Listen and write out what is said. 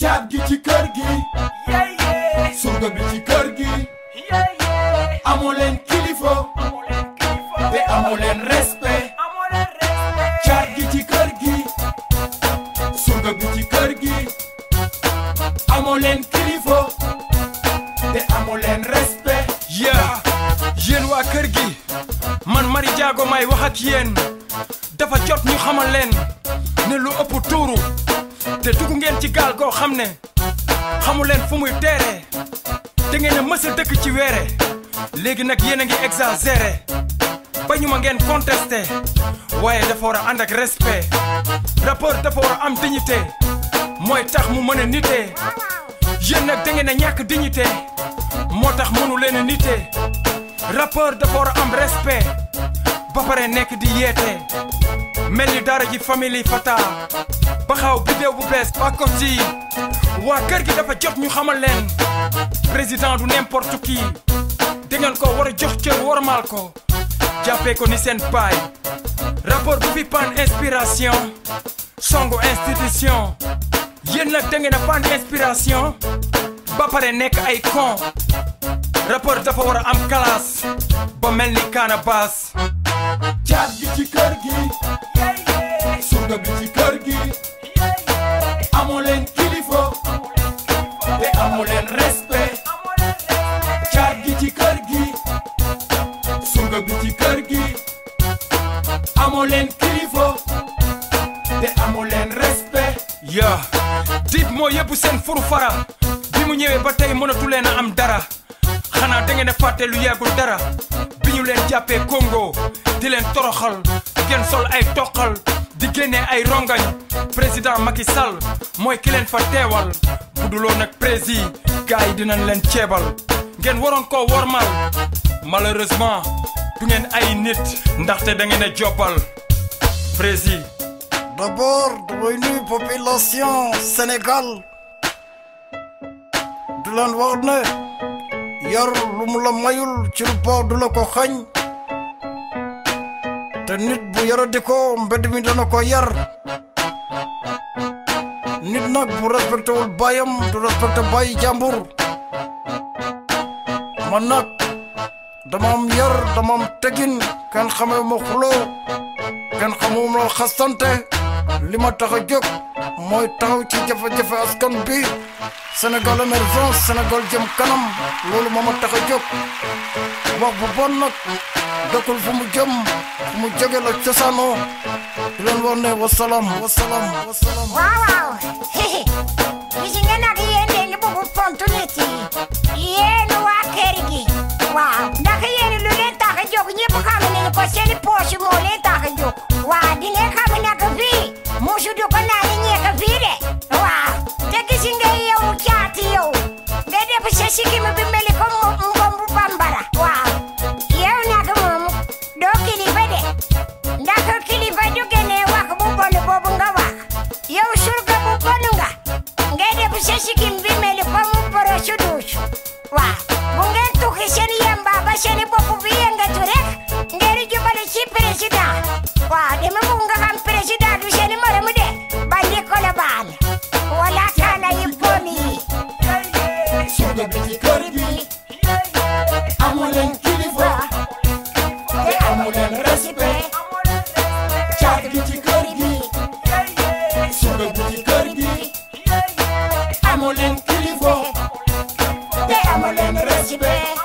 caab gi ci kër gi surga bi gi ci kër gi surga bi ci kër gi yaa yéen waa kër gi man Mari Jaago may wax ak dafa jot ñu xamal leen ne lu ëpp tuuru te dugg ngeen ci gaal goo xam ne xamu leen fu muy teeree te ngeen a mës a dëkk ci weere léegi nag yéen a ngi exagéré ba ñu ma ngeen contesté waaye dafa war a am ak respect rapport dafa war a am mooy tax mu mën a nitee yéen nag da ngeen a ñàkk dignité moo tax mënu leen a nitee rapport dafa war a am respect ba pare nekk di yeete mel ni daara ji famille Fata baxaw vidéo bu bees waa Kossy waa kër gi dafa jot ñu xamal leen président du n'importe qui dangeen ko war a jox cër wormaal ko jàppee ko ni seen paay rapport bu fi pan inspiration songo institution yéen nag da ngeen a pan inspiration ba pare nekk ay con rapport dafa war a am classe ba mel ni kaana baas gi ci kër gi respect caat gi ci kër gi surga bi ci kër gi amoo leen kilifa te amoo leen respect yaa diib moo yëpp seen furu fara bi mu ñëwee ba tey mënatu leen am dara xanaa da ngeen a fàtte lu yàggul dara bi ñu leen jàppee Congo di leen toroxal ngeen sol ay toqal di génne ay rongañ président Macky Sall mooy ki fa teewal bu duloon ak prési gars yi dinañ leen ceebal ngeen waroon koo wormal malheureusement du ngeen ay nit ndaxte da ngeen a joppal prési d'abord damay Sénégal du leen wax ne yar lu mu la mayul ci lu baax du la ko xañ te nit bu yara di ko mbedd mi dana ko yar nit nag bu respecté wul bayam du respecté bay jàmbur man nag dama am yar dama am tegin kenn xamee ma xuloo kenn xamuma xastante li ma tax a jóg mooy taxaw ci jafe-jafe askan bi Sénégal émergence Sénégal jëm kanam loolu moo ma tax a jóg wax bu bon nag dëkkul fu mu jëm fu mu jóge la cosaanoo di leen wax ne wasalaam wasalaam wasalaam. waaw waaw gis nga nag yéen de li bëgg tontu nit yi yéen waa kër gi waaw ndax yéen lu leen tax a jóg ñëpp xam nañu ko seen poche moo leen tax si président waaw dama munga xam président du seeni moromu de ba di Colobane wala kaana yi poni suuda bi ci kër bi amu leen kilifa te amu leen respect caat gi ci kër gi suuda bi ci kër gi amu leen kilifa te amu leen respect